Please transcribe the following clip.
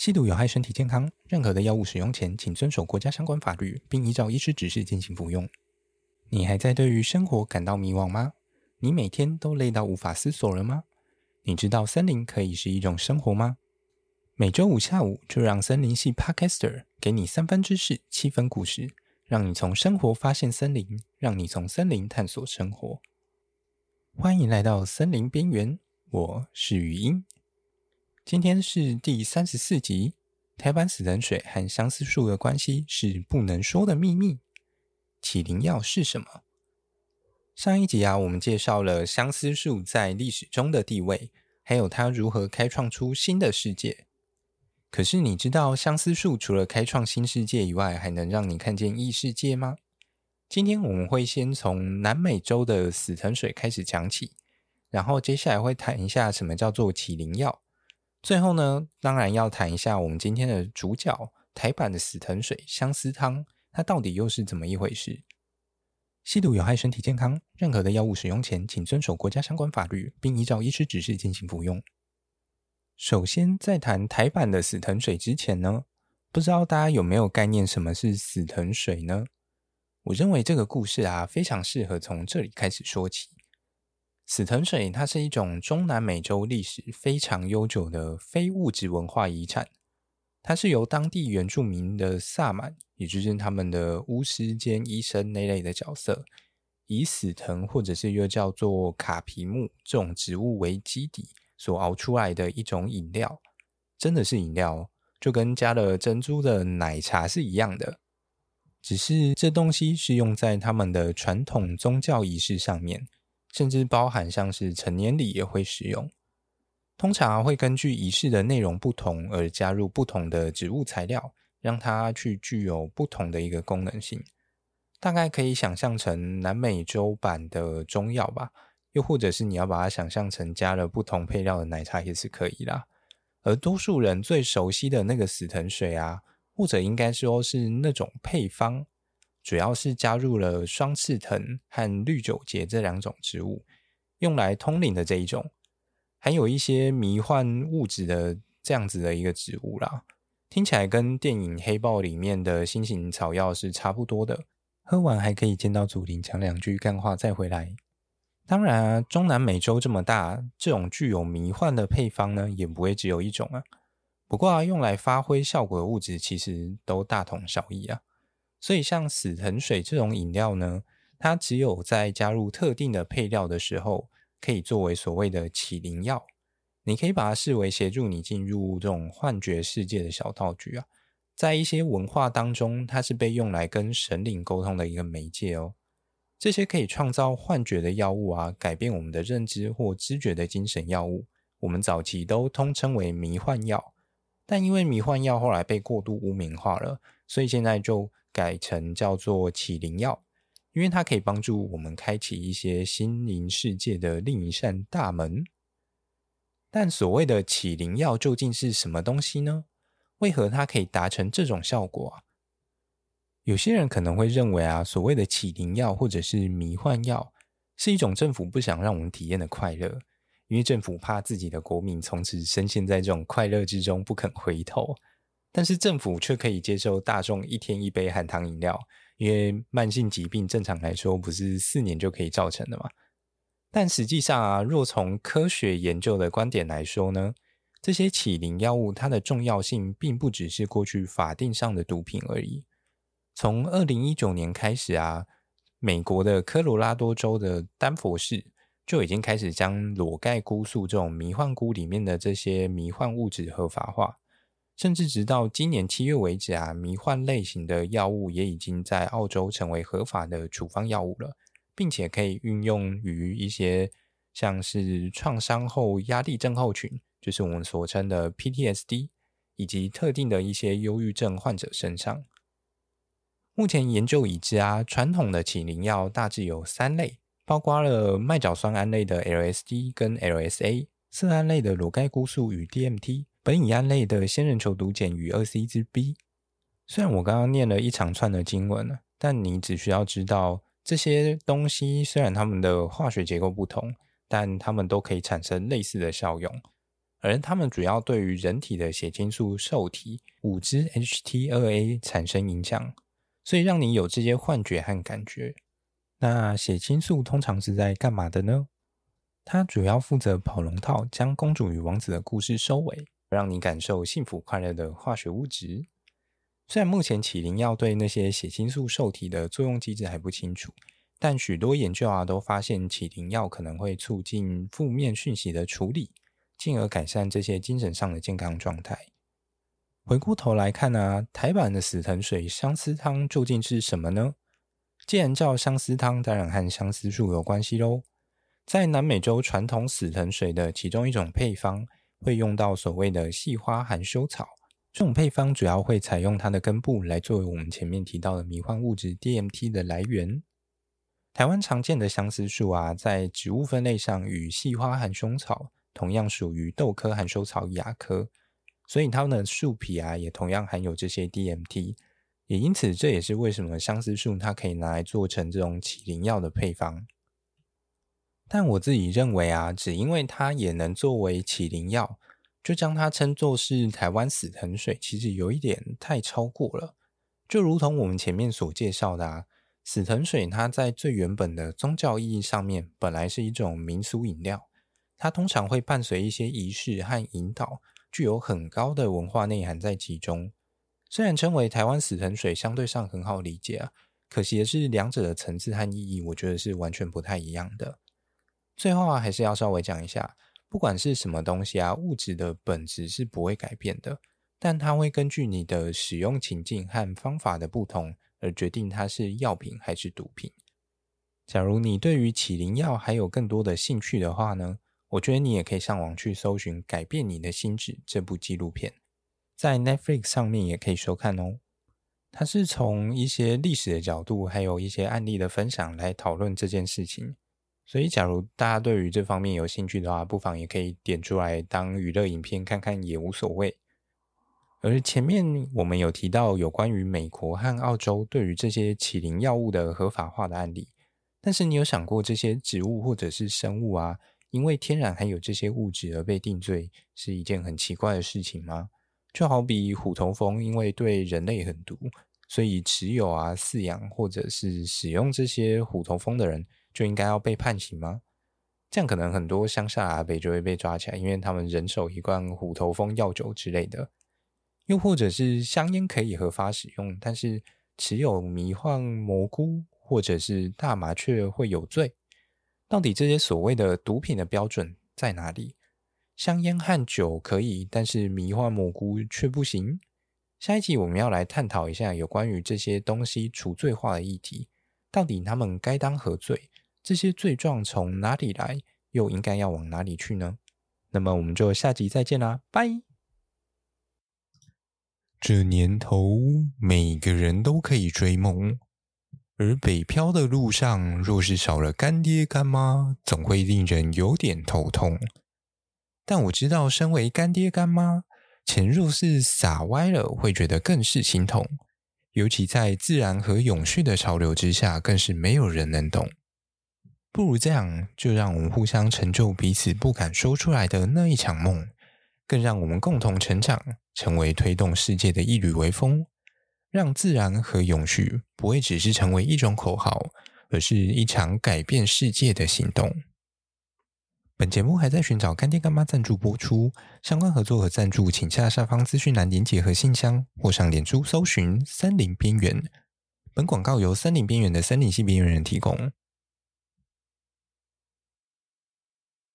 吸毒有害身體健康，任何的藥物使用前，請遵守國家相關法律，並依照醫師指示進行服用。你還在對於生活感到迷惘嗎？你每天都累到無法思索了嗎？你知道森林可以是一種生活嗎？每周五下午，就讓森林系 Podcaster 給你三分知識，七分故事，讓你從生活發現森林，讓你從森林探索生活。歡迎來到森林邊緣，我是雨音。今天是第三十四集，台版死藤水和相思樹的關係是不能說的秘密。啟靈藥是什麼？上一集啊，我們介紹了相思樹在歷史中的地位，還有它如何開創出新的世界。可是你知道，相思樹除了開創新世界以外，還能讓你看見異世界嗎？今天我們會先從南美洲的死藤水開始講起，然後接下來會談一下什麼叫做啟靈藥。最後呢，當然要談一下我們今天的主角——台版的死藤水相思湯，它到底又是怎麼一回事？吸毒有害身體健康，任何的藥物使用前，請遵守國家相關法律，並依照醫師指示進行服用。首先，在談台版的死藤水之前呢，不知道大家有沒有概念，什麼是死藤水呢？我認為這個故事啊，非常適合從這裡開始說起。死藤水，它是一種中南美洲歷史非常悠久的非物質文化遺產。它是由當地原住民的薩滿，也就是他們的巫師兼醫生那類的角色，以死藤或者是又叫做卡皮木這種植物為基底所熬出來的一種飲料，真的是飲料，就跟加了珍珠的奶茶是一樣的。只是這東西是用在他們的傳統宗教儀式上面。甚至包含像是成年禮也會使用，通常啊，會根據儀式的內容不同而加入不同的植物材料，讓它去具有不同的一個功能性。大概可以想象成南美洲版的中藥吧，又或者是你要把它想象成加了不同配料的奶茶也是可以啦。而多數人最熟悉的那個死藤水啊，或者應該說是那種配方。主要是加入了雙翅藤和綠九節這兩種植物，用來通靈的這一種，含有一些迷幻物質的這樣子的一個植物啦，聽起來跟電影《黑豹》裡面的心形草藥是差不多的。喝完還可以見到祖靈講兩句幹話再回來。當然啊，中南美洲這麼大，這種具有迷幻的配方呢，也不會只有一種啊。不過啊，用來發揮效果的物質其實都大同小異啊。所以，像死藤水這種飲料呢，它只有在加入特定的配料的時候，可以作為所謂的啟靈藥。你可以把它視為協助你進入這種幻覺世界的小道具啊。在一些文化當中，它是被用來跟神靈溝通的一個媒介哦。這些可以創造幻覺的藥物啊，改變我們的認知或知覺的精神藥物，我們早期都通稱為迷幻藥。但因為迷幻藥後來被過度污名化了。所以現在就改成叫做啟靈藥，因為它可以幫助我們開啟一些心靈世界的另一扇大門。但所謂的啟靈藥究竟是什麼東西呢？為何它可以達成這種效果啊？有些人可能會認為啊，所謂的啟靈藥或者是迷幻藥，是一種政府不想讓我們體驗的快樂，因為政府怕自己的國民從此深陷在這種快樂之中不肯回頭。但是政府卻可以接受大眾一天一杯含糖飲料，因為慢性疾病正常來說不是四年就可以造成的嘛。但實際上啊，若從科學研究的觀點來說呢，這些啟靈藥物它的重要性並不只是過去法定上的毒品而已。從二零一九年開始啊，美國的科羅拉多州的丹佛市就已經開始將裸蓋菇素這種迷幻菇裡面的這些迷幻物質合法化。甚至直到今年七月為止啊，迷幻類型的藥物也已經在澳洲成為合法的處方藥物了，並且可以運用於一些像是創傷後壓力症候群，就是我們所稱的 PTSD，以及特定的一些憂鬱症患者身上。目前研究已知啊，傳統的啟靈藥大致有三類，包括了麥角酸胺類的 LSD 跟 LSA，色胺類的裸蓋菇素與 DMT。苯乙胺類的仙人球毒鹼與二 C 之 B，雖然我剛剛念了一長串的經文了，但你只需要知道這些東西，雖然它們的化學結構不同，但它們都可以產生類似的效用，而它們主要對於人體的血清素受體五之 H T 二 A 產生影響，所以讓你有這些幻覺和感覺。那血清素通常是在幹嘛的呢？它主要負責跑龍套，將公主與王子的故事收尾。讓你感受幸福快樂的化學物質。雖然目前啟靈藥對那些血清素受體的作用機制還不清楚，但許多研究啊都發現啟靈藥可能會促進負面訊息的處理，進而改善這些精神上的健康狀態。回過頭來看啊，台版的死藤水相思湯究竟是什麼呢？既然叫相思湯，當然和相思樹有關係嘍。在南美洲傳統死藤水的其中一種配方。會用到所謂的細花含羞草，這種配方主要會採用它的根部來作為我們前面提到的迷幻物質 DMT 的來源。台灣常見的相思樹啊，在植物分類上與細花含羞草同樣屬於豆科含羞草亞科，所以它們的樹皮啊，也同樣含有這些 DMT。也因此，這也是為什麼相思樹它可以拿來做成這種啟靈藥的配方。但我自己認為啊，只因為它也能作為啟靈藥，就將它稱作是台灣死藤水，其實有一點太超過了。就如同我們前面所介紹的，啊，死藤水它在最原本的宗教意義上面，本來是一種民俗飲料，它通常會伴隨一些儀式和引導，具有很高的文化內涵在其中。雖然稱為台灣死藤水，相對上很好理解啊，可惜的是兩者的層次和意義，我覺得是完全不太一樣的。最後啊，還是要稍微講一下，不管是什麼東西啊，物質的本質是不會改變的，但它會根據你的使用情境和方法的不同，而決定它是藥品還是毒品。假如你對於啟靈藥還有更多的興趣的話呢，我覺得你也可以上網去搜尋《改變你的心智》這部紀錄片，在 Netflix 上面也可以收看哦。它是從一些歷史的角度，還有一些案例的分享來討論這件事情。所以，假如大家對於這方面有興趣的話，不妨也可以點出來當娛樂影片看看，也無所謂。而前面我們有提到有關於美國和澳洲對於這些啟靈藥物的合法化的案例，但是你有想過這些植物或者是生物啊，因為天然含有這些物質而被定罪，是一件很奇怪的事情嗎？就好比虎頭蜂，因為對人類很毒，所以持有啊、飼養或者是使用這些虎頭蜂的人。就應該要被判刑嗎？這樣可能很多鄉下阿北就會被抓起來，因為他們人手一罐虎頭蜂藥酒之類的。又或者是香煙可以合法使用，但是持有迷幻蘑菇或者是大麻雀會有罪？到底這些所謂的毒品的標準在哪裡？香煙和酒可以，但是迷幻蘑菇卻不行。下一集我們要來探討一下有關於這些東西除罪化的議題。到底他們該當何罪？這些罪狀從哪裡來？又應該要往哪裡去呢？那麼我們就下集再見啦，拜！這年頭每個人都可以追夢，而北漂的路上，若是少了乾爹乾媽，總會令人有點頭痛。但我知道，身為乾爹乾媽，錢若是撒歪了，會覺得更是心痛。尤其在自然和永續的潮流之下，更是沒有人能懂。不如這樣，就讓我們互相成就彼此不敢說出來的那一場夢，更讓我們共同成長，成為推動世界的一縷微風，讓自然和永續不會只是成為一種口號，而是一場改變世界的行動。本節目還在尋找乾爹乾媽贊助播出，相關合作和贊助，請下下方資訊欄連結和信箱，或上臉書搜尋“森林邊緣”。本廣告由“森林邊緣”的森林系邊緣人提供。